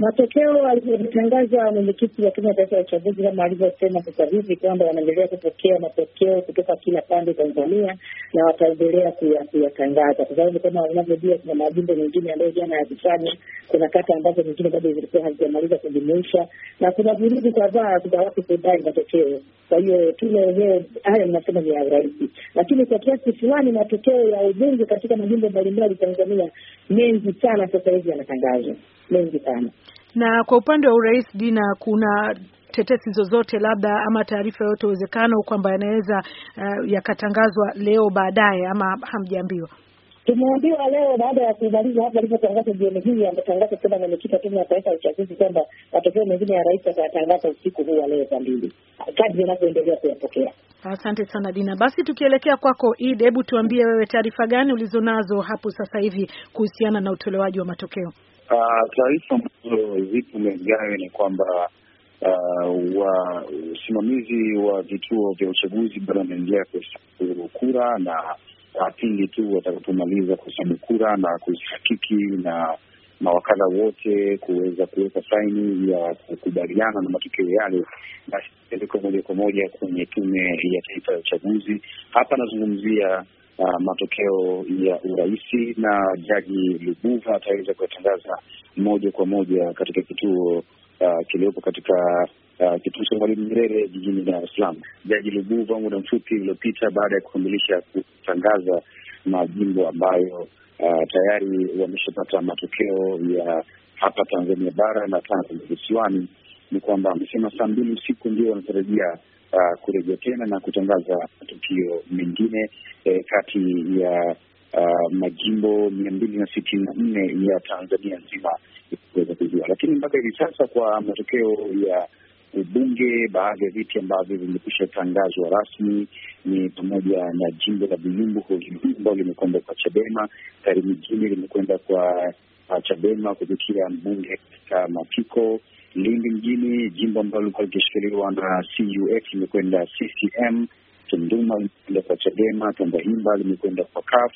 Matokeo alivyotangaza mwenyekiti wa Tume ya Taifa ya Uchaguzi, kama alivyosema sasa hivi kwamba wanaendelea kupokea matokeo kutoka kila pande Tanzania, na wataendelea kuyatangaza, kwa sababu kama unavyojua, kuna majimbo mengine ambayo jana yajifanya, kuna kata ambazo nyingine bado zilikuwa hazijamaliza kujumuisha, na kuna vurugu kadhaa za watu kudai matokeo. Kwa hiyo tume yenyewe haya mnasema ni ya urahisi, lakini kwa kiasi fulani matokeo ya ubunge katika majimbo mbalimbali Tanzania mengi sana sasa hivi yanatangazwa, mengi sana na kwa upande wa urais, Dina, kuna tetesi zozote labda ama taarifa yoyote uwezekano kwamba yanaweza uh, yakatangazwa leo baadaye ama hamjaambiwa? Tumeambiwa leo baada ya kumaliza hapa alivyotangaza jioni hii, ametangaza kwamba mwenyekiti wa Tume ya Taifa ya Uchaguzi kwamba matokeo mengine ya rais atayatangaza usiku huu wa leo saa mbili, kadri inavyoendelea kuyapokea. Asante sana Dina. Basi tukielekea kwako Id, hebu tuambie wewe taarifa gani ulizonazo hapo sasa hivi kuhusiana na utolewaji wa matokeo? Ah, taarifa ambazo zipo mezani ni kwamba ah, wasimamizi uh, wa vituo vya uchaguzi bado wanaendelea kuhesabu kura na pindi tu watakapomaliza kuhesabu kura na kuzihakiki na mawakala wote kuweza kuweka saini ya kukubaliana na matokeo yale, basi pelekwa moja kwa moja kwenye Tume ya Taifa ya Uchaguzi. Hapa anazungumzia Uh, matokeo ya urahisi na Jaji Lubuva ataweza kuyatangaza moja kwa moja katika kituo uh, kiliyopo katika uh, kituo cha Mwalimu Nyerere jijini Dar es Salaam. Jaji Lubuva muda mfupi uliopita, baada ya kukamilisha kutangaza majimbo ambayo uh, tayari wameshapata matokeo ya hapa Tanzania bara na Tanzania visiwani, ni kwamba amesema saa mbili usiku ndio wanatarajia uh, kurejea tena na kutangaza matukio mengine eh, kati ya uh, majimbo mia mbili na sitini na nne ya Tanzania nzima kuweza kujua, lakini mpaka hivi sasa kwa matokeo ya bunge, baadhi ya viti ambavyo vimekwisha tangazwa rasmi ni pamoja na jimbo la Buyumbu ambalo limekwenda kwa Chadema. tarimijini limekwenda kwa Chadema kupitia mbunge katika Matiko. Lindi mjini, jimbo ambalo lilikuwa likishikiliwa na CUF limekwenda CCM. Tunduma limekwenda kwa Chadema. Tandahimba limekwenda kwa CUF.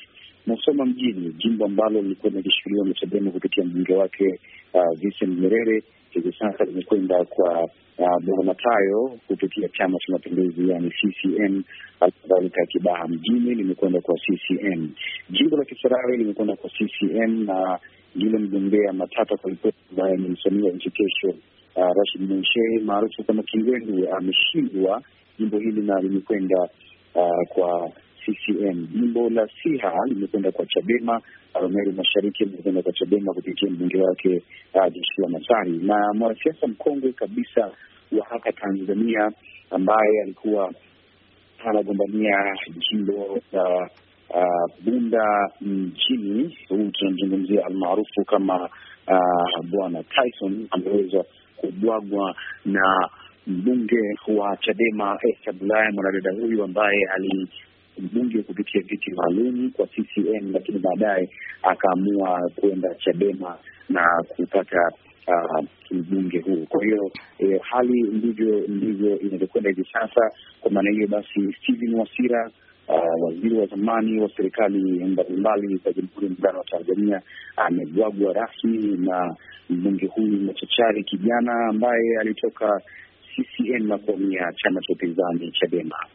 Musoma mjini, jimbo ambalo lilikuwa linajishughuliwa na Chadema kupitia mbunge wake uh, Vincent Nyerere, hivi sasa limekwenda kwa uh, bwana Matayo kupitia Chama cha Mapinduzi, yani CCM. Halikadhalika Kibaha mjini limekwenda kwa CCM, jimbo la Kisarawe limekwenda kwa CCM na yule mgombea Matata Kalipoti ambaye ni msomia nchi kesho Uh, Rashid Munshe maarufu kama kingwendu ameshindwa uh, jimbo hili na limekwenda uh, kwa CCM. Jimbo la Siha limekwenda kwa Chadema, Arumeru Mashariki limekwenda kwa Chadema kupitia mbunge wake ah, Joshua Masari, na mwanasiasa mkongwe kabisa wa hapa Tanzania ambaye alikuwa anagombania jimbo la uh, Bunda mjini, huu tunamzungumzia almaarufu kama uh, Bwana Tyson ameweza kubwagwa na mbunge wa Chadema Esther Bulaya, mwanadada huyu ambaye ali mbunge kupitia viti maalum kwa CCM, lakini baadaye akaamua kwenda Chadema na kupata uh, mbunge huu. Kwa hiyo eh, hali ndivyo ndivyo inavyokwenda hivi sasa. Kwa maana hiyo basi, stehen Wasira Uh, waziri wa zamani wa serikali mbalimbali za Jamhuri ya Muungano wa Tanzania amebwagwa rasmi na mbunge huyu machachari kijana ambaye alitoka CCM na kuhamia chama cha upinzani Chadema.